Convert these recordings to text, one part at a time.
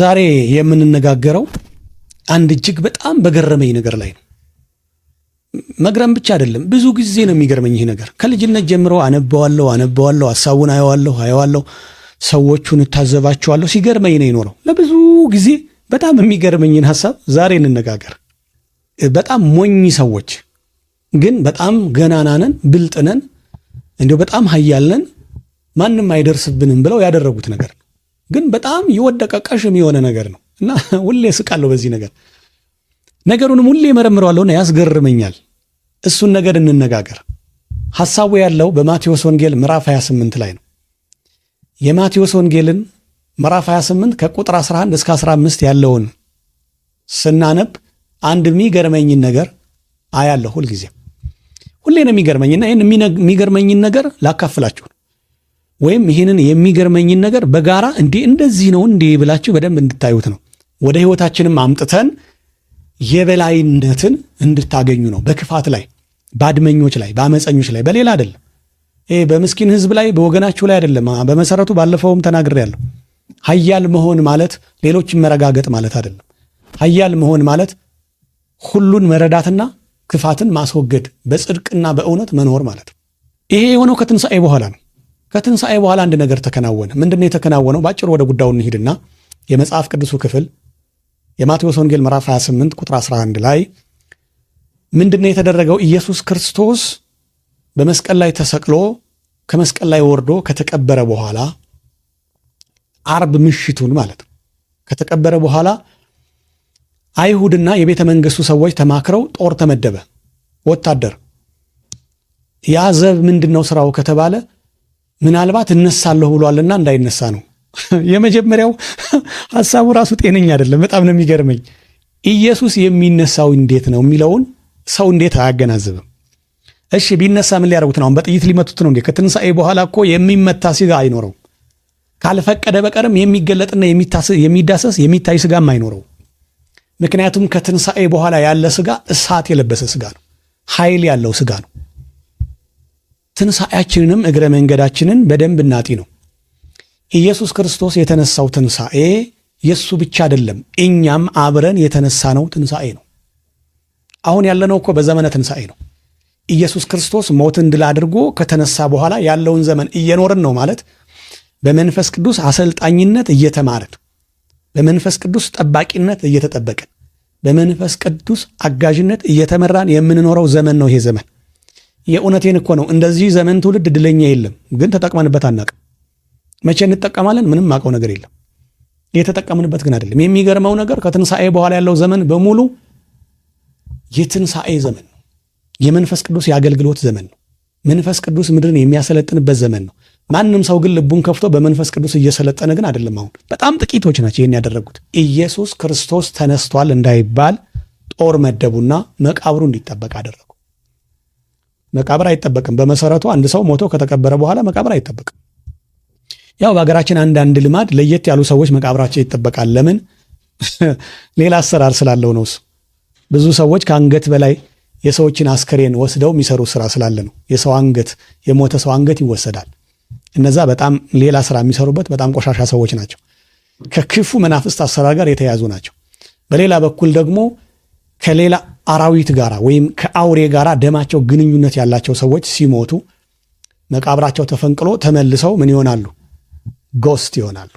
ዛሬ የምንነጋገረው አንድ እጅግ በጣም በገረመኝ ነገር ላይ ነው። መግረም ብቻ አይደለም፣ ብዙ ጊዜ ነው የሚገርመኝ ይህ ነገር። ከልጅነት ጀምሮ አነበዋለሁ አነበዋለሁ፣ ሀሳቡን አየዋለሁ አየዋለሁ፣ ሰዎቹን እታዘባቸዋለሁ። ሲገርመኝ ነው የኖረው ለብዙ ጊዜ። በጣም የሚገርመኝን ሀሳብ ዛሬ እንነጋገር። በጣም ሞኝ ሰዎች ግን በጣም ገናናነን ብልጥነን እንዲሁ በጣም ሀያልነን ማንም አይደርስብንም ብለው ያደረጉት ነገር ነው ግን በጣም የወደቀ ቀሽም የሆነ ነገር ነው እና ሁሌ ስቃለሁ በዚህ ነገር። ነገሩንም ሁሌ መረምረዋለሁና ያስገርመኛል። እሱን ነገር እንነጋገር። ሐሳቡ ያለው በማቴዎስ ወንጌል ምዕራፍ 28 ላይ ነው። የማቴዎስ ወንጌልን ምዕራፍ 28 ከቁጥር 11 እስከ 15 ያለውን ስናነብ አንድ የሚገርመኝን ነገር አያለሁ። ሁልጊዜ ሁሌ ነው የሚገርመኝና ይህን የሚገርመኝን ነገር ላካፍላችሁ ወይም ይህንን የሚገርመኝን ነገር በጋራ እንዴ እንደዚህ ነው እንዴ ብላችሁ በደንብ እንድታዩት ነው። ወደ ህይወታችንም አምጥተን የበላይነትን እንድታገኙ ነው። በክፋት ላይ፣ በአድመኞች ላይ፣ በአመፀኞች ላይ፣ በሌላ አይደለም። ይሄ በምስኪን ህዝብ ላይ በወገናችሁ ላይ አይደለም። በመሰረቱ ባለፈውም ተናግሬያለሁ። ሀያል መሆን ማለት ሌሎችን መረጋገጥ ማለት አይደለም። ሀያል መሆን ማለት ሁሉን መረዳትና ክፋትን ማስወገድ በጽድቅና በእውነት መኖር ማለት ነው። ይሄ የሆነው ከትንሣኤ በኋላ ነው። ከትንሣኤ በኋላ አንድ ነገር ተከናወነ። ምንድን ነው የተከናወነው? በአጭሩ ወደ ጉዳዩ እንሂድና የመጽሐፍ ቅዱሱ ክፍል የማቴዎስ ወንጌል ምዕራፍ 28 ቁጥር 11 ላይ ምንድን ነው የተደረገው? ኢየሱስ ክርስቶስ በመስቀል ላይ ተሰቅሎ ከመስቀል ላይ ወርዶ ከተቀበረ በኋላ አርብ ምሽቱን ማለት ነው ከተቀበረ በኋላ አይሁድና የቤተ መንግስቱ ሰዎች ተማክረው ጦር ተመደበ፣ ወታደር ያ ዘብ ምንድን ነው ስራው ከተባለ ምናልባት እነሳለሁ ብሏልና እንዳይነሳ ነው። የመጀመሪያው ሀሳቡ ራሱ ጤነኝ አይደለም። በጣም ነው የሚገርመኝ። ኢየሱስ የሚነሳው እንዴት ነው የሚለውን ሰው እንዴት አያገናዝብም? እሺ ቢነሳ ምን ሊያደርጉት ነው? በጥይት ሊመቱት ነው እንዴ? ከትንሣኤ በኋላ እኮ የሚመታ ስጋ አይኖረው ካልፈቀደ በቀርም የሚገለጥና የሚዳሰስ የሚታይ ስጋም አይኖረው። ምክንያቱም ከትንሣኤ በኋላ ያለ ስጋ እሳት የለበሰ ስጋ ነው፣ ኃይል ያለው ስጋ ነው። ትንሣኤያችንንም እግረ መንገዳችንን በደንብ እናጢ ነው። ኢየሱስ ክርስቶስ የተነሳው ትንሣኤ የእሱ ብቻ አይደለም፣ እኛም አብረን የተነሳነው ትንሣኤ ነው። አሁን ያለነው እኮ በዘመነ ትንሣኤ ነው። ኢየሱስ ክርስቶስ ሞትን ድል አድርጎ ከተነሳ በኋላ ያለውን ዘመን እየኖርን ነው ማለት በመንፈስ ቅዱስ አሰልጣኝነት እየተማርን፣ በመንፈስ ቅዱስ ጠባቂነት እየተጠበቅን፣ በመንፈስ ቅዱስ አጋዥነት እየተመራን የምንኖረው ዘመን ነው ይሄ ዘመን። የእውነቴን እኮ ነው። እንደዚህ ዘመን ትውልድ እድለኛ የለም፣ ግን ተጠቅመንበት አናቅ። መቼ እንጠቀማለን? ምንም አውቀው ነገር የለም። የተጠቀምንበት ግን አይደለም። የሚገርመው ነገር ከትንሣኤ በኋላ ያለው ዘመን በሙሉ የትንሣኤ ዘመን ነው። የመንፈስ ቅዱስ የአገልግሎት ዘመን ነው። መንፈስ ቅዱስ ምድርን የሚያሰለጥንበት ዘመን ነው። ማንም ሰው ግን ልቡን ከፍቶ በመንፈስ ቅዱስ እየሰለጠነ ግን አይደለም። አሁን በጣም ጥቂቶች ናቸው ይህን ያደረጉት። ኢየሱስ ክርስቶስ ተነስቷል እንዳይባል ጦር መደቡና መቃብሩ እንዲጠበቅ አደረጉ። መቃብር አይጠበቅም። በመሰረቱ አንድ ሰው ሞቶ ከተቀበረ በኋላ መቃብር አይጠበቅም። ያው በሀገራችን አንዳንድ ልማድ ለየት ያሉ ሰዎች መቃብራቸው ይጠበቃል። ለምን? ሌላ አሰራር ስላለው ነው። እሱ ብዙ ሰዎች ከአንገት በላይ የሰዎችን አስከሬን ወስደው የሚሰሩ ስራ ስላለ ነው። የሰው አንገት የሞተ ሰው አንገት ይወሰዳል። እነዛ በጣም ሌላ ስራ የሚሰሩበት በጣም ቆሻሻ ሰዎች ናቸው። ከክፉ መናፍስት አሰራር ጋር የተያዙ ናቸው። በሌላ በኩል ደግሞ ከሌላ አራዊት ጋራ ወይም ከአውሬ ጋራ ደማቸው ግንኙነት ያላቸው ሰዎች ሲሞቱ መቃብራቸው ተፈንቅሎ ተመልሰው ምን ይሆናሉ? ጎስት ይሆናሉ።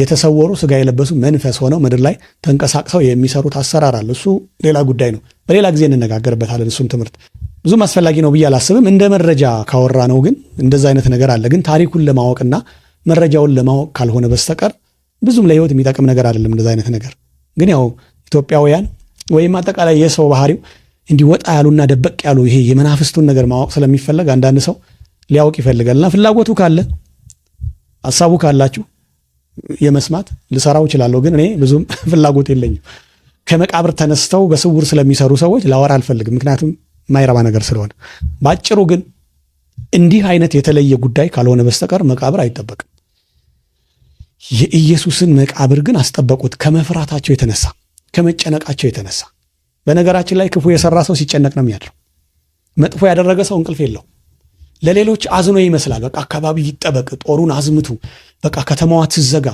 የተሰወሩ ስጋ የለበሱ መንፈስ ሆነው ምድር ላይ ተንቀሳቅሰው የሚሰሩት አሰራር አለ። እሱ ሌላ ጉዳይ ነው። በሌላ ጊዜ እንነጋገርበታለን። እሱን ትምህርት ብዙም አስፈላጊ ነው ብዬ አላስብም። እንደ መረጃ ካወራ ነው ግን እንደዛ አይነት ነገር አለ። ግን ታሪኩን ለማወቅና መረጃውን ለማወቅ ካልሆነ በስተቀር ብዙም ለህይወት የሚጠቅም ነገር አይደለም። እንደዛ አይነት ነገር ግን ያው ኢትዮጵያውያን ወይም አጠቃላይ የሰው ባህሪው እንዲህ ወጣ ያሉና ደበቅ ያሉ ይሄ የመናፍስቱን ነገር ማወቅ ስለሚፈለግ አንዳንድ ሰው ሊያውቅ ይፈልጋልና ፍላጎቱ ካለ ሀሳቡ ካላችሁ የመስማት ልሰራው እችላለሁ፣ ግን እኔ ብዙም ፍላጎት የለኝም። ከመቃብር ተነስተው በስውር ስለሚሰሩ ሰዎች ላወራ አልፈልግም፣ ምክንያቱም ማይረባ ነገር ስለሆነ። በአጭሩ ግን እንዲህ አይነት የተለየ ጉዳይ ካልሆነ በስተቀር መቃብር አይጠበቅም። የኢየሱስን መቃብር ግን አስጠበቁት ከመፍራታቸው የተነሳ ከመጨነቃቸው የተነሳ በነገራችን ላይ ክፉ የሰራ ሰው ሲጨነቅ ነው የሚያድረው። መጥፎ ያደረገ ሰው እንቅልፍ የለው። ለሌሎች አዝኖ ይመስላል። በቃ አካባቢ ይጠበቅ፣ ጦሩን አዝምቱ፣ በቃ ከተማዋ ትዘጋ፣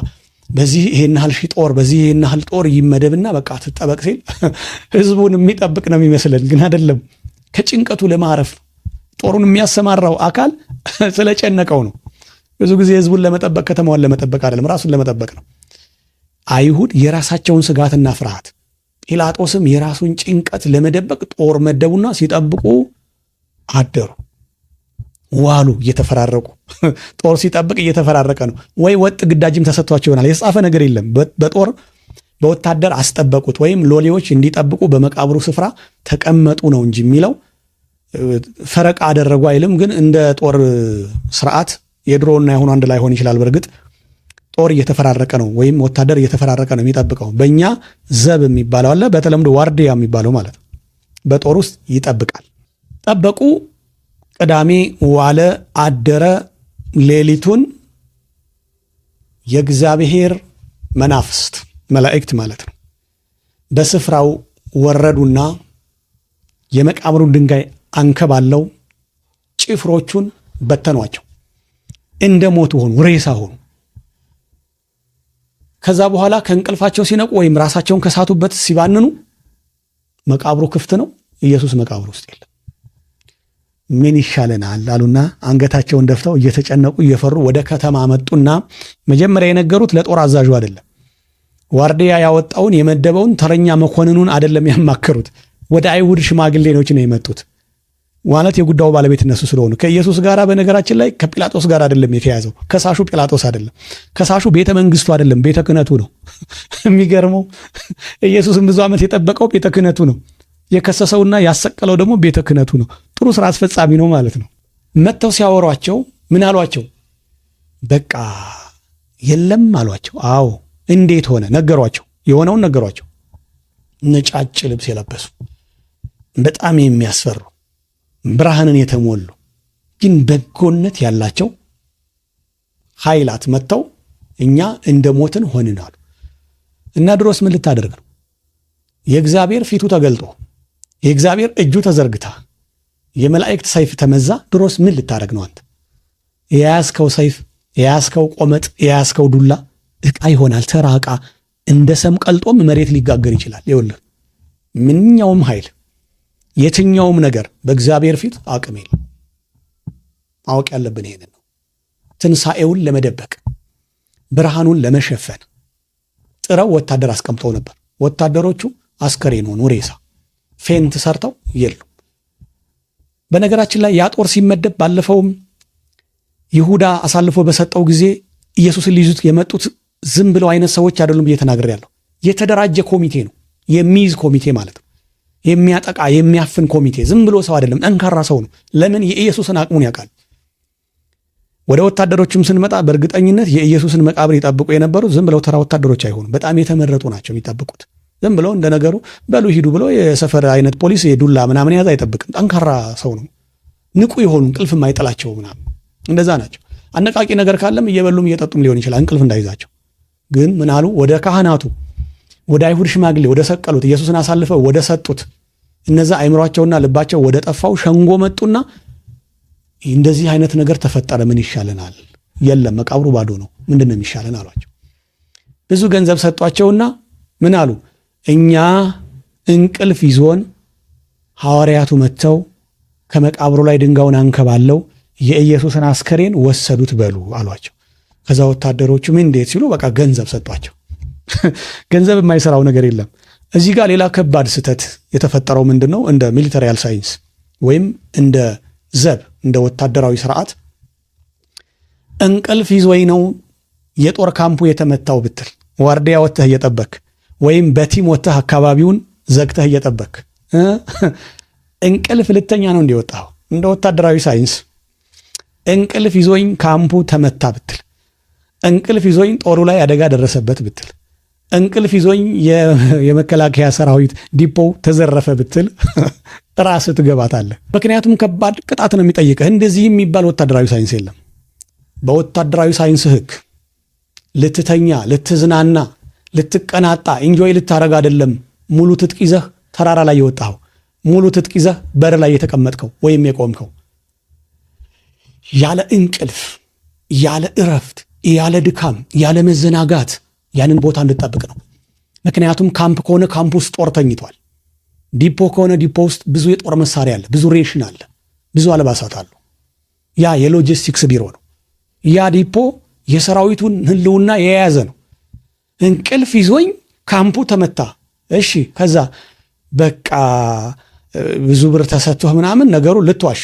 በዚህ ይሄን ያህል ሺህ ጦር፣ በዚህ ይሄን ያህል ጦር ይመደብና በቃ ትጠበቅ ሲል ህዝቡን የሚጠብቅ ነው የሚመስለን፣ ግን አይደለም። ከጭንቀቱ ለማረፍ ጦሩን የሚያሰማራው አካል ስለጨነቀው ነው። ብዙ ጊዜ ህዝቡን ለመጠበቅ ከተማዋን ለመጠበቅ አይደለም፣ ራሱን ለመጠበቅ ነው። አይሁድ የራሳቸውን ስጋትና ፍርሃት፣ ጲላጦስም የራሱን ጭንቀት ለመደበቅ ጦር መደቡና ሲጠብቁ አደሩ ዋሉ። እየተፈራረቁ ጦር ሲጠብቅ እየተፈራረቀ ነው። ወይ ወጥ ግዳጅም ተሰጥቷቸው ይሆናል። የተጻፈ ነገር የለም። በጦር በወታደር አስጠበቁት ወይም ሎሌዎች እንዲጠብቁ በመቃብሩ ስፍራ ተቀመጡ ነው እንጂ የሚለው ፈረቃ አደረጉ አይልም። ግን እንደ ጦር ስርዓት የድሮና የሆኑ አንድ ላይ ሆን ይችላል በእርግጥ ጦር እየተፈራረቀ ነው ወይም ወታደር እየተፈራረቀ ነው የሚጠብቀው። በእኛ ዘብ የሚባለው አለ፣ በተለምዶ ዋርዲያ የሚባለው ማለት ነው። በጦር ውስጥ ይጠብቃል። ጠበቁ ቅዳሜ ዋለ፣ አደረ። ሌሊቱን የእግዚአብሔር መናፍስት መላእክት ማለት ነው በስፍራው ወረዱና የመቃብሩን ድንጋይ አንከባለው ጭፍሮቹን በተኗቸው፣ እንደ ሞት ሆኑ፣ ሬሳ ሆኑ። ከዛ በኋላ ከእንቅልፋቸው ሲነቁ ወይም ራሳቸውን ከሳቱበት ሲባንኑ መቃብሩ ክፍት ነው። ኢየሱስ መቃብሩ ውስጥ የለም። ምን ይሻለናል አሉና አንገታቸውን ደፍተው እየተጨነቁ እየፈሩ ወደ ከተማ መጡና መጀመሪያ የነገሩት ለጦር አዛዡ አይደለም። ዋርዲያ ያወጣውን የመደበውን ተረኛ መኮንኑን አይደለም ያማከሩት። ወደ አይሁድ ሽማግሌኖች ነው የመጡት። ማለት የጉዳዩ ባለቤት እነሱ ስለሆኑ ከኢየሱስ ጋር በነገራችን ላይ ከጲላጦስ ጋር አይደለም የተያዘው። ከሳሹ ጲላጦስ አይደለም፣ ከሳሹ ቤተ መንግስቱ አይደለም፣ ቤተ ክህነቱ ነው። የሚገርመው ኢየሱስን ብዙ ዓመት የጠበቀው ቤተ ክህነቱ ነው። የከሰሰውና ያሰቀለው ደግሞ ቤተ ክህነቱ ነው። ጥሩ ስራ አስፈጻሚ ነው ማለት ነው። መጥተው ሲያወሯቸው ምን አሏቸው? በቃ የለም አሏቸው። አዎ እንዴት ሆነ ነገሯቸው፣ የሆነውን ነገሯቸው። ነጫጭ ልብስ የለበሱ በጣም የሚያስፈሩ ብርሃንን የተሞሉ ግን በጎነት ያላቸው ኃይላት መጥተው እኛ እንደ ሞትን ሆንናሉ። እና ድሮስ ምን ልታደርግ ነው? የእግዚአብሔር ፊቱ ተገልጦ የእግዚአብሔር እጁ ተዘርግታ የመላእክት ሰይፍ ተመዛ ድሮስ ምን ልታደርግ ነው? አንተ የያዝከው ሰይፍ የያዝከው ቆመጥ የያዝከው ዱላ ዕቃ ይሆናል። ተራ ዕቃ እንደ ሰም ቀልጦም መሬት ሊጋገር ይችላል። ይኸውልህ ምንኛውም ኃይል የትኛውም ነገር በእግዚአብሔር ፊት አቅም የለም። ማወቅ ያለብን ይሄንን ነው። ትንሣኤውን ለመደበቅ ብርሃኑን ለመሸፈን ጥረው ወታደር አስቀምጠው ነበር። ወታደሮቹ ሆኑ ሬሳ ፌንት ሰርተው የሉም። በነገራችን ላይ ያ ጦር ሲመደብ ባለፈውም ይሁዳ አሳልፎ በሰጠው ጊዜ ኢየሱስን ሊይዙት የመጡት ዝም ብለው አይነት ሰዎች አይደሉም ብዬ ተናግሬያለሁ። የተደራጀ ኮሚቴ ነው የሚይዝ ኮሚቴ ማለት ነው። የሚያጠቃ የሚያፍን ኮሚቴ ዝም ብሎ ሰው አይደለም፣ ጠንካራ ሰው ነው። ለምን? የኢየሱስን አቅሙን ያውቃል። ወደ ወታደሮችም ስንመጣ በእርግጠኝነት የኢየሱስን መቃብር ይጠብቁ የነበሩት ዝም ብለው ተራ ወታደሮች አይሆኑም። በጣም የተመረጡ ናቸው የሚጠብቁት። ዝም ብለው እንደ ነገሩ በሉ ሂዱ ብሎ የሰፈር አይነት ፖሊስ የዱላ ምናምን ያዝ አይጠብቅም። ጠንካራ ሰው ነው። ንቁ የሆኑ እንቅልፍ የማይጠላቸው ምናምን እንደዛ ናቸው። አነቃቂ ነገር ካለም እየበሉም እየጠጡም ሊሆን ይችላል እንቅልፍ እንዳይዛቸው። ግን ምናሉ ወደ ካህናቱ ወደ አይሁድ ሽማግሌ ወደ ሰቀሉት ኢየሱስን አሳልፈው ወደ ሰጡት እነዛ አይምሯቸውና ልባቸው ወደ ጠፋው ሸንጎ መጡና እንደዚህ አይነት ነገር ተፈጠረ፣ ምን ይሻለናል? የለም መቃብሩ ባዶ ነው፣ ምንድን ነው የሚሻለን አሏቸው። ብዙ ገንዘብ ሰጧቸውና ምን አሉ? እኛ እንቅልፍ ይዞን ሐዋርያቱ መጥተው ከመቃብሩ ላይ ድንጋዩን አንከባለው የኢየሱስን አስከሬን ወሰዱት በሉ አሏቸው። ከዛ ወታደሮቹ ምን እንዴት ሲሉ በቃ ገንዘብ ሰጧቸው። ገንዘብ የማይሰራው ነገር የለም። እዚህ ጋር ሌላ ከባድ ስህተት የተፈጠረው ምንድን ነው? እንደ ሚሊተሪያል ሳይንስ ወይም እንደ ዘብ እንደ ወታደራዊ ስርዓት እንቅልፍ ይዞኝ ነው የጦር ካምፑ የተመታው ብትል፣ ዋርዲያ ወጥተህ እየጠበክ ወይም በቲም ወጥተህ አካባቢውን ዘግተህ እየጠበክ እንቅልፍ ልተኛ ነው እንዲወጣው እንደ ወታደራዊ ሳይንስ እንቅልፍ ይዞኝ ካምፑ ተመታ ብትል፣ እንቅልፍ ይዞኝ ጦሩ ላይ አደጋ ደረሰበት ብትል እንቅልፍ ይዞኝ የመከላከያ ሰራዊት ዲፖ ተዘረፈ ብትል ራስ ትገባታለህ። ምክንያቱም ከባድ ቅጣት ነው የሚጠይቅህ። እንደዚህ የሚባል ወታደራዊ ሳይንስ የለም። በወታደራዊ ሳይንስ ህግ ልትተኛ፣ ልትዝናና፣ ልትቀናጣ፣ ኢንጆይ ልታደረግ አይደለም ሙሉ ትጥቅ ይዘህ ተራራ ላይ የወጣኸው ሙሉ ትጥቅ ይዘህ በር ላይ የተቀመጥከው ወይም የቆምከው ያለ እንቅልፍ ያለ እረፍት ያለ ድካም ያለ መዘናጋት ያንን ቦታ እንድጠብቅ ነው። ምክንያቱም ካምፕ ከሆነ ካምፕ ውስጥ ጦር ተኝቷል። ዲፖ ከሆነ ዲፖ ውስጥ ብዙ የጦር መሳሪያ አለ፣ ብዙ ሬሽን አለ፣ ብዙ አልባሳት አሉ። ያ የሎጂስቲክስ ቢሮ ነው። ያ ዲፖ የሰራዊቱን ህልውና የያዘ ነው። እንቅልፍ ይዞኝ ካምፑ ተመታ። እሺ፣ ከዛ በቃ ብዙ ብር ተሰጥቶህ ምናምን ነገሩ ልትዋሽ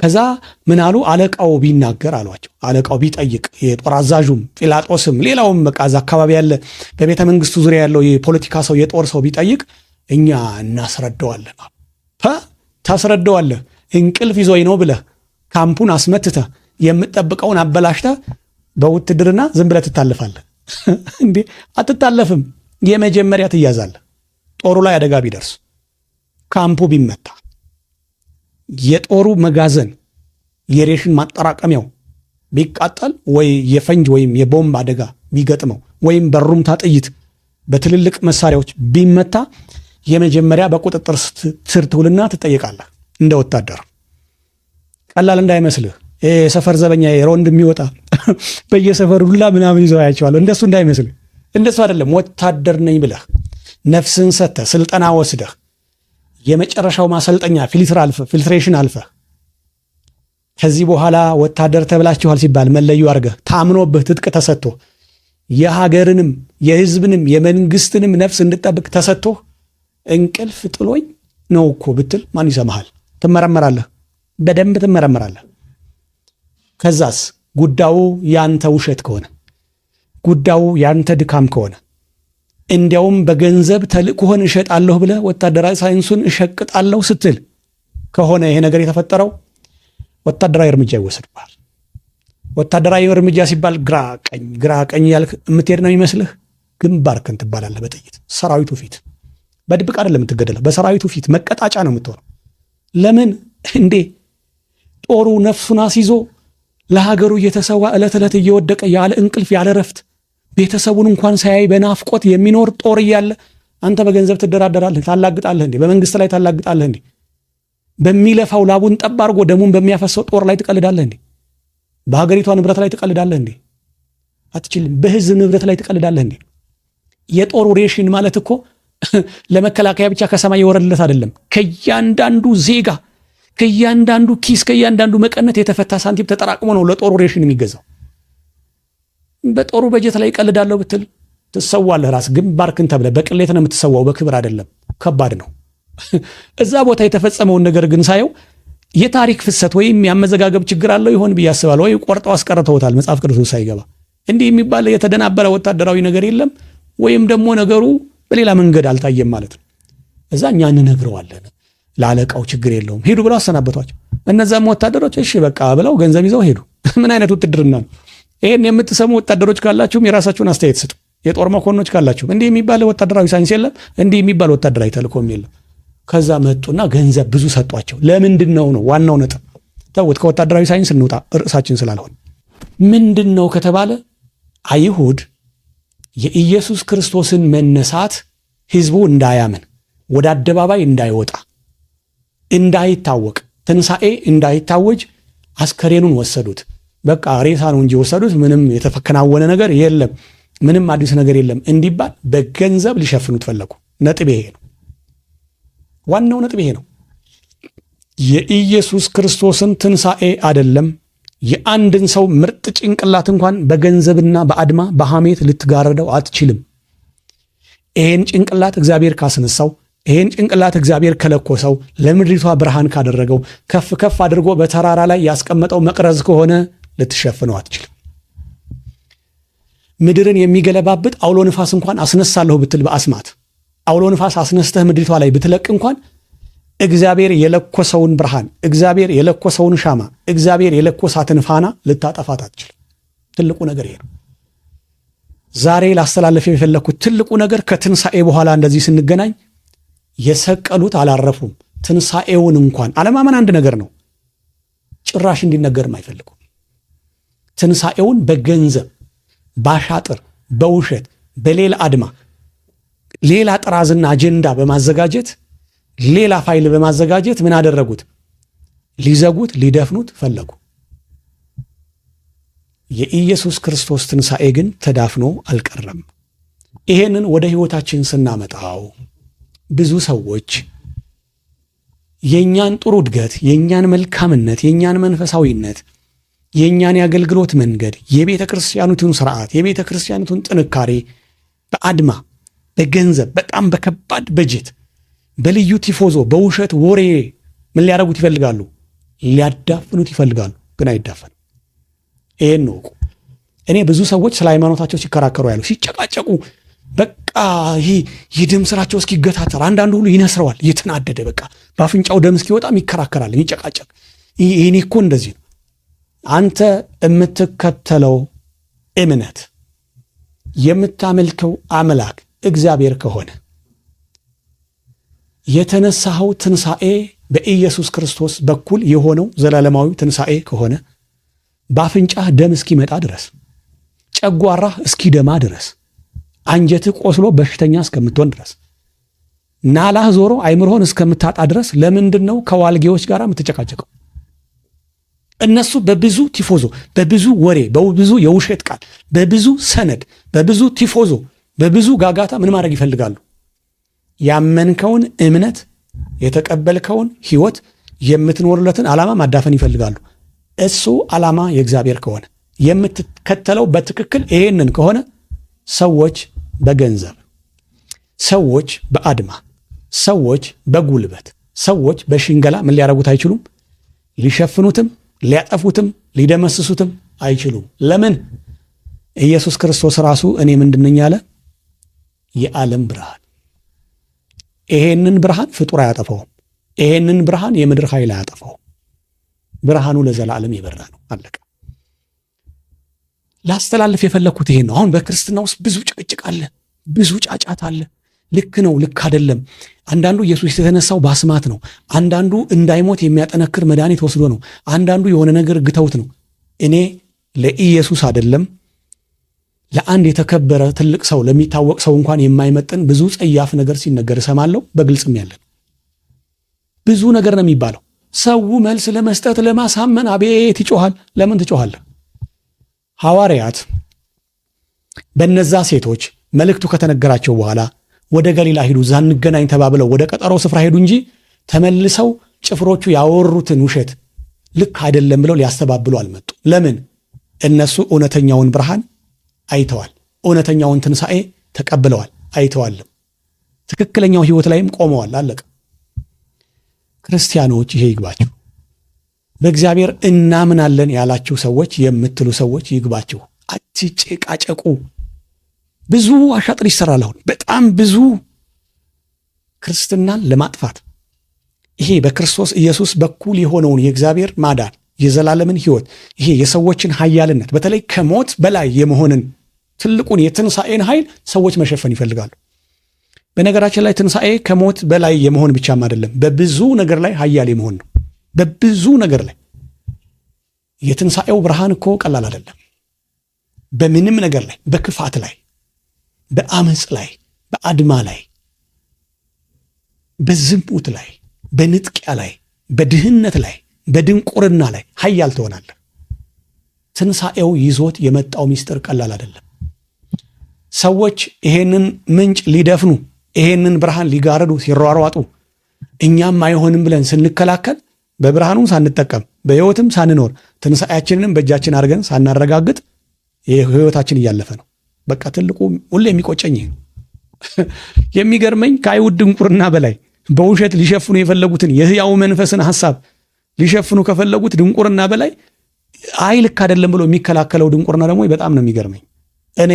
ከዛ ምን አሉ? አለቃው ቢናገር አሏቸው። አለቃው ቢጠይቅ የጦር አዛዡም ጲላጦስም ሌላውም በቃ እዛ አካባቢ ያለ በቤተ መንግስቱ ዙሪያ ያለው የፖለቲካ ሰው የጦር ሰው ቢጠይቅ እኛ እናስረዳዋለን። ታስረደዋለህ እንቅልፍ ይዞኝ ነው ብለህ ካምፑን አስመትተ የምጠብቀውን አበላሽተ በውትድርና ዝም ብለህ ትታለፋለህ እንዴ? አትታለፍም። የመጀመሪያ ትያዛለህ። ጦሩ ላይ አደጋ ቢደርስ ካምፑ ቢመታ የጦሩ መጋዘን የሬሽን ማጠራቀሚያው ቢቃጠል ወይ የፈንጅ ወይም የቦምብ አደጋ ቢገጥመው ወይም በሩምታ ጥይት በትልልቅ መሳሪያዎች ቢመታ የመጀመሪያ በቁጥጥር ስር ትውልና ትጠይቃለህ። እንደ ወታደር ቀላል እንዳይመስልህ። የሰፈር ዘበኛ ሮንድ የሚወጣ በየሰፈሩ ሁላ ምናምን ይዘው አያቸዋለሁ። እንደሱ እንዳይመስልህ። እንደሱ አይደለም። ወታደር ነኝ ብለህ ነፍስን ሰተ ስልጠና ወስደህ የመጨረሻው ማሰልጠኛ ፊልትር አልፈ ፊልትሬሽን አልፈ ከዚህ በኋላ ወታደር ተብላችኋል ሲባል መለዩ አድርገ ታምኖብህ ትጥቅ ተሰጥቶ የሀገርንም የህዝብንም የመንግስትንም ነፍስ እንድጠብቅ ተሰጥቶ እንቅልፍ ጥሎኝ ነው እኮ ብትል ማን ይሰማሃል? ትመረመራለህ፣ በደንብ ትመረመራለህ። ከዛስ ጉዳዩ ያንተ ውሸት ከሆነ ጉዳዩ ያንተ ድካም ከሆነ እንዲያውም በገንዘብ ተልእኮህን እሸጣለሁ ብለ ወታደራዊ ሳይንሱን እሸቅጣለሁ ስትል ከሆነ ይሄ ነገር የተፈጠረው ወታደራዊ እርምጃ ይወሰድብሃል። ወታደራዊ እርምጃ ሲባል ግራ ቀኝ ግራ ቀኝ ያልክ የምትሄድ ነው የሚመስልህ። ግንባርክን ትባላለህ በጥይት ሰራዊቱ ፊት። በድብቅ አይደለም የምትገደለው፣ በሰራዊቱ ፊት መቀጣጫ ነው የምትሆነው። ለምን እንዴ ጦሩ ነፍሱን አስይዞ ለሀገሩ እየተሰዋ ዕለት ዕለት እየወደቀ ያለ እንቅልፍ ያለ ረፍት ቤተሰቡን እንኳን ሳያይ በናፍቆት የሚኖር ጦር እያለ አንተ በገንዘብ ትደራደራለህ፣ ታላግጣለህ እንዴ? በመንግስት ላይ ታላግጣለህ እንዴ? በሚለፋው ላቡን ጠብ አድርጎ ደሙን በሚያፈሰው ጦር ላይ ትቀልዳለህ እንዴ? በሀገሪቷ ንብረት ላይ ትቀልዳለህ እንዴ? አትችልም። በህዝብ ንብረት ላይ ትቀልዳለህ እንዴ? የጦሩ ሬሽን ማለት እኮ ለመከላከያ ብቻ ከሰማይ የወረደለት አይደለም። ከእያንዳንዱ ዜጋ፣ ከእያንዳንዱ ኪስ፣ ከእያንዳንዱ መቀነት የተፈታ ሳንቲም ተጠራቅሞ ነው ለጦሩ ሬሽን የሚገዛው። በጦሩ በጀት ላይ ቀልዳለው ብትል ትሰዋለህ። ራስ ግንባርክን ተብለ በቅሌት ነው የምትሰዋው፣ በክብር አይደለም። ከባድ ነው። እዛ ቦታ የተፈጸመውን ነገር ግን ሳየው የታሪክ ፍሰት ወይም ያመዘጋገብ ችግር አለው ይሆን ብዬ አስባለሁ። ወይ ቆርጠው አስቀርተውታል መጽሐፍ ቅዱስ ሳይገባ። እንዲህ የሚባል የተደናበረ ወታደራዊ ነገር የለም፣ ወይም ደግሞ ነገሩ በሌላ መንገድ አልታየም ማለት ነው። እዛ እኛ እንነግረዋለን፣ ለአለቃው ችግር የለውም ሄዱ ብለው አሰናበቷቸው። እነዛም ወታደሮች እሺ በቃ ብለው ገንዘብ ይዘው ሄዱ። ምን አይነት ውትድርና ነው? ይህን የምትሰሙ ወታደሮች ካላችሁም የራሳችሁን አስተያየት ስጡ። የጦር መኮንኖች ካላችሁም እንዲህ የሚባል ወታደራዊ ሳይንስ የለም፣ እንዲህ የሚባል ወታደራዊ ተልእኮም የለም። ከዛ መጡና ገንዘብ ብዙ ሰጧቸው። ለምንድን ነው ነው ዋናው ነጥብ። ተውት፣ ከወታደራዊ ሳይንስ እንውጣ፣ ርዕሳችን ስላልሆነ ምንድን ነው ከተባለ አይሁድ የኢየሱስ ክርስቶስን መነሳት ህዝቡ እንዳያምን ወደ አደባባይ እንዳይወጣ እንዳይታወቅ ትንሣኤ እንዳይታወጅ አስከሬኑን ወሰዱት። በቃ ሬሳ ነው እንጂ የወሰዱት ምንም የተከናወነ ነገር የለም፣ ምንም አዲስ ነገር የለም እንዲባል በገንዘብ ሊሸፍኑት ፈለጉ። ነጥብ ይሄ ነው። ዋናው ነጥብ ይሄ ነው። የኢየሱስ ክርስቶስን ትንሣኤ አደለም የአንድን ሰው ምርጥ ጭንቅላት እንኳን በገንዘብና በአድማ በሐሜት ልትጋረደው አትችልም። ይሄን ጭንቅላት እግዚአብሔር ካስነሳው፣ ይሄን ጭንቅላት እግዚአብሔር ከለኮሰው፣ ለምድሪቷ ብርሃን ካደረገው፣ ከፍ ከፍ አድርጎ በተራራ ላይ ያስቀመጠው መቅረዝ ከሆነ ልትሸፍነው አትችልም። ምድርን የሚገለባብጥ አውሎ ንፋስ እንኳን አስነሳለሁ ብትል በአስማት አውሎ ንፋስ አስነስተህ ምድሪቷ ላይ ብትለቅ እንኳን እግዚአብሔር የለኮሰውን ብርሃን፣ እግዚአብሔር የለኮሰውን ሻማ፣ እግዚአብሔር የለኮሳትን ፋና ልታጠፋት አትችልም። ትልቁ ነገር ይሄ ነው። ዛሬ ላስተላለፍ የፈለግኩት ትልቁ ነገር ከትንሣኤ በኋላ እንደዚህ ስንገናኝ የሰቀሉት አላረፉም። ትንሣኤውን እንኳን አለማመን አንድ ነገር ነው፣ ጭራሽ እንዲነገርም አይፈልጉም። ትንሣኤውን በገንዘብ ባሻጥር፣ በውሸት፣ በሌላ አድማ፣ ሌላ ጥራዝና አጀንዳ በማዘጋጀት ሌላ ፋይል በማዘጋጀት ምን አደረጉት? ሊዘጉት ሊደፍኑት ፈለጉ። የኢየሱስ ክርስቶስ ትንሣኤ ግን ተዳፍኖ አልቀረም። ይሄንን ወደ ሕይወታችን ስናመጣው ብዙ ሰዎች የእኛን ጥሩ እድገት፣ የእኛን መልካምነት፣ የእኛን መንፈሳዊነት የእኛን የአገልግሎት መንገድ የቤተ ክርስቲያኑትን ስርዓት የቤተ ክርስቲያኑትን ጥንካሬ በአድማ በገንዘብ በጣም በከባድ በጀት በልዩ ቲፎዞ በውሸት ወሬ ምን ሊያደርጉት ይፈልጋሉ? ሊያዳፍኑት ይፈልጋሉ። ግን አይዳፈንም። ይህን እወቁ። እኔ ብዙ ሰዎች ስለ ሃይማኖታቸው ሲከራከሩ ያሉ ሲጨቃጨቁ፣ በቃ ይሄ የደም ስራቸው እስኪገታተር አንዳንዱ ሁሉ ይነስረዋል። እየተናደደ በቃ በአፍንጫው ደም እስኪወጣም ይከራከራል፣ ይጨቃጨቅ። ይሄኔ እኮ እንደዚህ ነው አንተ የምትከተለው እምነት የምታመልከው አምላክ እግዚአብሔር ከሆነ የተነሳኸው ትንሣኤ በኢየሱስ ክርስቶስ በኩል የሆነው ዘላለማዊ ትንሣኤ ከሆነ በአፍንጫህ ደም እስኪመጣ ድረስ ጨጓራህ እስኪደማ ድረስ አንጀትህ ቆስሎ በሽተኛ እስከምትሆን ድረስ ናላህ ዞሮ አይምሮህን እስከምታጣ ድረስ ለምንድን ነው ከዋልጌዎች ጋር የምትጨቃጨቀው? እነሱ በብዙ ቲፎዞ፣ በብዙ ወሬ፣ በብዙ የውሸት ቃል፣ በብዙ ሰነድ፣ በብዙ ቲፎዞ፣ በብዙ ጋጋታ ምን ማድረግ ይፈልጋሉ? ያመንከውን እምነት የተቀበልከውን ህይወት የምትኖርለትን ዓላማ ማዳፈን ይፈልጋሉ። እሱ ዓላማ የእግዚአብሔር ከሆነ የምትከተለው በትክክል ይሄንን ከሆነ ሰዎች በገንዘብ ሰዎች በአድማ ሰዎች በጉልበት ሰዎች በሽንገላ ምን ሊያደርጉት አይችሉም። ሊሸፍኑትም ሊያጠፉትም ሊደመስሱትም አይችሉም። ለምን? ኢየሱስ ክርስቶስ ራሱ እኔ ምንድን ነኝ አለ? የዓለም ብርሃን። ይሄንን ብርሃን ፍጡር አያጠፋውም። ይሄንን ብርሃን የምድር ኃይል አያጠፋውም። ብርሃኑ ለዘላለም የበራ ነው። አለቀ። ላስተላልፍ የፈለግኩት ይሄን ነው። አሁን በክርስትና ውስጥ ብዙ ጭቅጭቅ አለ፣ ብዙ ጫጫት አለ። ልክ ነው፣ ልክ አይደለም። አንዳንዱ ኢየሱስ የተነሳው በአስማት ነው። አንዳንዱ እንዳይሞት የሚያጠነክር መድኃኒት ወስዶ ነው። አንዳንዱ የሆነ ነገር ግተውት ነው። እኔ ለኢየሱስ አይደለም ለአንድ የተከበረ ትልቅ ሰው ለሚታወቅ ሰው እንኳን የማይመጥን ብዙ ጸያፍ ነገር ሲነገር እሰማለሁ። በግልጽም ያለን ብዙ ነገር ነው የሚባለው። ሰው መልስ ለመስጠት ለማሳመን አቤት ይጮኋል። ለምን ትጮኋል? ሐዋርያት በነዛ ሴቶች መልእክቱ ከተነገራቸው በኋላ ወደ ገሊላ ሂዱ ዛንገናኝ ተባብለው ወደ ቀጠሮ ስፍራ ሄዱ እንጂ ተመልሰው ጭፍሮቹ ያወሩትን ውሸት ልክ አይደለም ብለው ሊያስተባብሉ አልመጡ። ለምን? እነሱ እውነተኛውን ብርሃን አይተዋል። እውነተኛውን ትንሣኤ ተቀብለዋል፣ አይተዋልም። ትክክለኛው ሕይወት ላይም ቆመዋል። አለቀ። ክርስቲያኖች ይሄ ይግባችሁ። በእግዚአብሔር እናምናለን ያላችሁ ሰዎች የምትሉ ሰዎች ይግባችሁ። አትጭቃጨቁ። ብዙ አሻጥር ይሰራል። አሁን በጣም ብዙ ክርስትናን ለማጥፋት ይሄ በክርስቶስ ኢየሱስ በኩል የሆነውን የእግዚአብሔር ማዳን የዘላለምን ሕይወት ይሄ የሰዎችን ኃያልነት በተለይ ከሞት በላይ የመሆንን ትልቁን የትንሣኤን ኃይል ሰዎች መሸፈን ይፈልጋሉ። በነገራችን ላይ ትንሣኤ ከሞት በላይ የመሆን ብቻም አይደለም፣ በብዙ ነገር ላይ ኃያል የመሆን ነው። በብዙ ነገር ላይ የትንሣኤው ብርሃን እኮ ቀላል አይደለም። በምንም ነገር ላይ በክፋት ላይ በአመፅ ላይ፣ በአድማ ላይ፣ በዝሙት ላይ፣ በንጥቂያ ላይ፣ በድህነት ላይ፣ በድንቁርና ላይ ሀያል ትሆናለህ። ትንሣኤው ይዞት የመጣው ምስጢር ቀላል አይደለም። ሰዎች ይሄንን ምንጭ ሊደፍኑ ይሄንን ብርሃን ሊጋረዱ ሲሯሯጡ እኛም አይሆንም ብለን ስንከላከል በብርሃኑም ሳንጠቀም በሕይወትም ሳንኖር ትንሣኤያችንንም በእጃችን አድርገን ሳናረጋግጥ የሕይወታችን እያለፈ ነው። በቃ ትልቁ ሁሌ የሚቆጨኝ የሚገርመኝ ከአይሁድ ድንቁርና በላይ በውሸት ሊሸፍኑ የፈለጉትን የሕያው መንፈስን ሐሳብ ሊሸፍኑ ከፈለጉት ድንቁርና በላይ አይ ልክ አይደለም ብሎ የሚከላከለው ድንቁርና ደግሞ በጣም ነው የሚገርመኝ። እኔ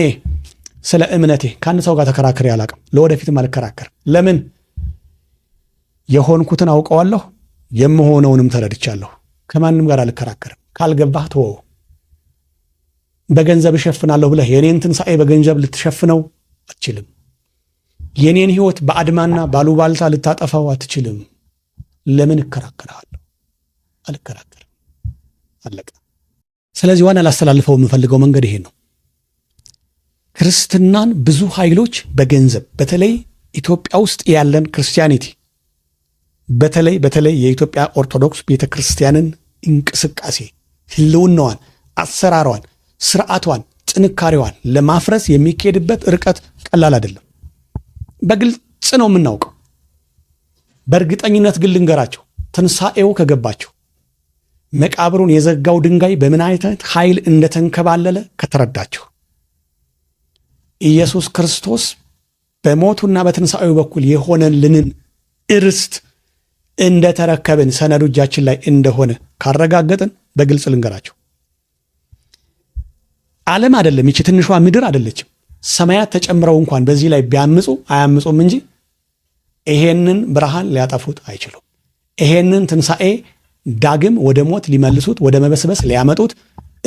ስለ እምነቴ ከአንድ ሰው ጋር ተከራክሬ አላቅም፣ ለወደፊትም አልከራከርም። ለምን የሆንኩትን አውቀዋለሁ፣ የምሆነውንም ተረድቻለሁ። ከማንም ጋር አልከራከርም። ካልገባህ ተወው። በገንዘብ እሸፍናለሁ ብለህ የኔን ትንሣኤ በገንዘብ ልትሸፍነው አትችልም። የኔን ህይወት በአድማና ባሉባልታ ልታጠፋው አትችልም። ለምን እከራከርሃለሁ? አልከራከርም። አለቀ። ስለዚህ ዋና ላስተላልፈው የምፈልገው መንገድ ይሄ ነው። ክርስትናን ብዙ ኃይሎች በገንዘብ በተለይ ኢትዮጵያ ውስጥ ያለን ክርስቲያኒቲ በተለይ በተለይ የኢትዮጵያ ኦርቶዶክስ ቤተ ክርስቲያንን እንቅስቃሴ ህልውናዋን፣ አሰራሯን ስርዓቷን፣ ጥንካሬዋን ለማፍረስ የሚካሄድበት ርቀት ቀላል አይደለም። በግልጽ ነው የምናውቀው። በእርግጠኝነት ግን ልንገራቸው፣ ትንሣኤው ከገባቸው መቃብሩን የዘጋው ድንጋይ በምን አይነት ኃይል እንደተንከባለለ ከተረዳቸው ኢየሱስ ክርስቶስ በሞቱና በትንሣኤው በኩል የሆነልንን እርስት እንደተረከብን ሰነዱ እጃችን ላይ እንደሆነ ካረጋገጥን በግልጽ ልንገራቸው ዓለም አይደለም ይቺ ትንሿ ምድር አይደለችም። ሰማያት ተጨምረው እንኳን በዚህ ላይ ቢያምፁ አያምፁም እንጂ ይሄንን ብርሃን ሊያጠፉት አይችሉም። ይሄንን ትንሣኤ ዳግም ወደ ሞት ሊመልሱት፣ ወደ መበስበስ ሊያመጡት፣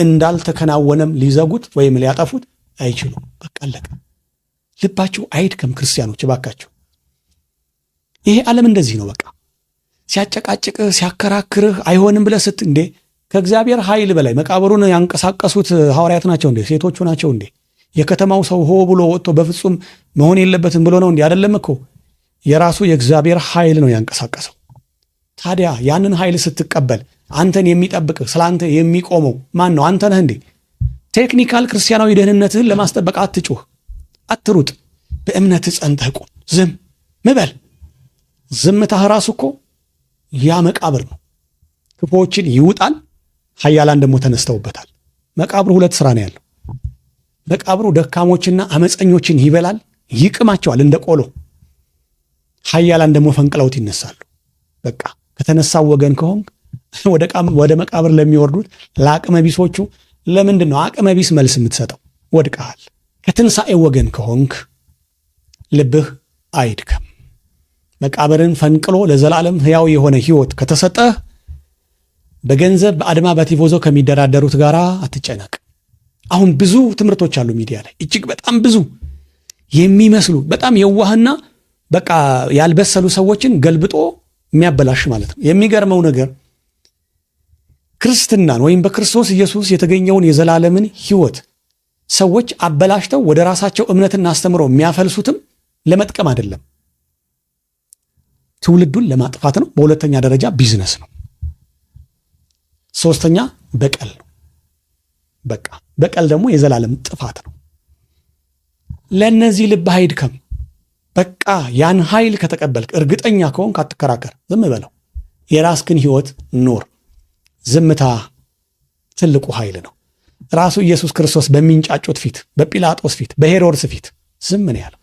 እንዳልተከናወነም ሊዘጉት ወይም ሊያጠፉት አይችሉም። በቃ አለቀ። ልባችሁ አይድከም ክርስቲያኖች፣ እባካችሁ። ይሄ ዓለም እንደዚህ ነው። በቃ ሲያጨቃጭቅህ ሲያከራክርህ አይሆንም ብለህ ስት እንዴ ከእግዚአብሔር ኃይል በላይ መቃብሩን ያንቀሳቀሱት ሐዋርያት ናቸው እንዴ? ሴቶቹ ናቸው እንዴ? የከተማው ሰው ሆ ብሎ ወጥቶ በፍጹም መሆን የለበትም ብሎ ነው እንዴ? አይደለም እኮ የራሱ የእግዚአብሔር ኃይል ነው ያንቀሳቀሰው። ታዲያ ያንን ኃይል ስትቀበል አንተን የሚጠብቅ ስለ አንተ የሚቆመው ማን ነው? አንተ ነህ እንዴ? ቴክኒካል ክርስቲያናዊ ደህንነትህን ለማስጠበቅ አትጩህ፣ አትሩጥ። በእምነት ጸንተህ ቁም። ዝም ምበል። ዝምታህ ራሱ እኮ ያ መቃብር ነው፣ ክፉዎችን ይውጣል ሀያላን ደግሞ ተነስተውበታል። መቃብሩ ሁለት ስራ ነው ያለው። መቃብሩ ደካሞችና አመፀኞችን ይበላል፣ ይቅማቸዋል እንደ ቆሎ። ሀያላን ደግሞ ፈንቅለውት ይነሳሉ። በቃ ከተነሳው ወገን ከሆን ወደ መቃብር ለሚወርዱት ለአቅመ ቢሶቹ ለምንድን ነው አቅመ ቢስ መልስ የምትሰጠው? ወድቀሃል። ከትንሣኤ ወገን ከሆንክ ልብህ አይድከም። መቃብርን ፈንቅሎ ለዘላለም ሕያው የሆነ ሕይወት ከተሰጠህ በገንዘብ በአድማ በቲፎዞ ከሚደራደሩት ጋር አትጨነቅ። አሁን ብዙ ትምህርቶች አሉ ሚዲያ ላይ እጅግ በጣም ብዙ የሚመስሉ በጣም የዋህና በቃ ያልበሰሉ ሰዎችን ገልብጦ የሚያበላሽ ማለት ነው። የሚገርመው ነገር ክርስትናን ወይም በክርስቶስ ኢየሱስ የተገኘውን የዘላለምን ሕይወት ሰዎች አበላሽተው ወደ ራሳቸው እምነትና አስተምሮ የሚያፈልሱትም ለመጥቀም አይደለም፣ ትውልዱን ለማጥፋት ነው። በሁለተኛ ደረጃ ቢዝነስ ነው። ሶስተኛ በቀል ነው። በቃ በቀል ደግሞ የዘላለም ጥፋት ነው። ለእነዚህ ልብ አይድከም። በቃ ያን ኃይል ከተቀበልክ እርግጠኛ ከሆን ካትከራከር፣ ዝም በለው፣ የራስህን ህይወት ኑር። ዝምታ ትልቁ ኃይል ነው። ራሱ ኢየሱስ ክርስቶስ በሚንጫጩት ፊት፣ በጲላጦስ ፊት፣ በሄሮድስ ፊት ዝም ነው ያለው።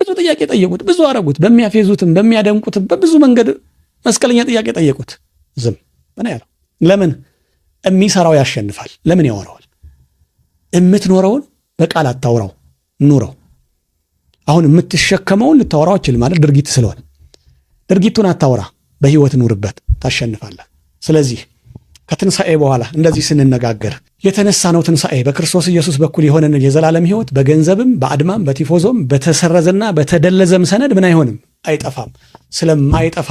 ብዙ ጥያቄ ጠየቁት፣ ብዙ አረጉት። በሚያፌዙትም በሚያደንቁትም በብዙ መንገድ መስቀለኛ ጥያቄ ጠየቁት፣ ዝም ምን ያለው። ለምን የሚሰራው ያሸንፋል? ለምን ያወራዋል? የምትኖረውን በቃል አታውራው፣ ኑረው። አሁን የምትሸከመውን ልታወራው አችል ማለት ድርጊት ስለሆነ ድርጊቱን አታውራ፣ በህይወት ኑርበት፣ ታሸንፋለህ። ስለዚህ ከትንሣኤ በኋላ እንደዚህ ስንነጋገር የተነሳ ነው ትንሣኤ በክርስቶስ ኢየሱስ በኩል የሆነን የዘላለም ህይወት በገንዘብም በአድማም በቲፎዞም በተሰረዘና በተደለዘም ሰነድ ምን አይሆንም፣ አይጠፋም። ስለማይጠፋ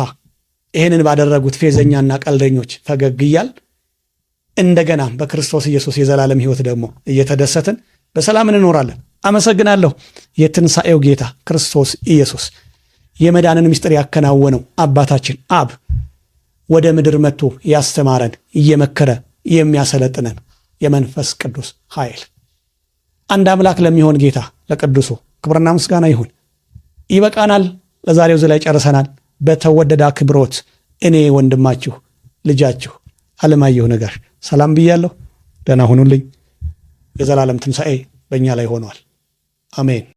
ይህንን ባደረጉት ፌዘኛና ቀልደኞች ፈገግ እያል እንደገና በክርስቶስ ኢየሱስ የዘላለም ሕይወት ደግሞ እየተደሰትን በሰላም እንኖራለን። አመሰግናለሁ። የትንሣኤው ጌታ ክርስቶስ ኢየሱስ የመዳንን ምስጢር ያከናወነው አባታችን አብ ወደ ምድር መጥቶ ያስተማረን እየመከረ የሚያሰለጥነን የመንፈስ ቅዱስ ኃይል አንድ አምላክ ለሚሆን ጌታ ለቅዱሱ ክብርና ምስጋና ይሁን። ይበቃናል። ለዛሬው እዚህ ላይ ጨርሰናል። በተወደደ አክብሮት እኔ ወንድማችሁ ልጃችሁ አለማየሁ ነጋሽ ሰላም ብያለሁ። ደህና ሁኑልኝ። የዘላለም ትንሣኤ በእኛ ላይ ሆኗል። አሜን።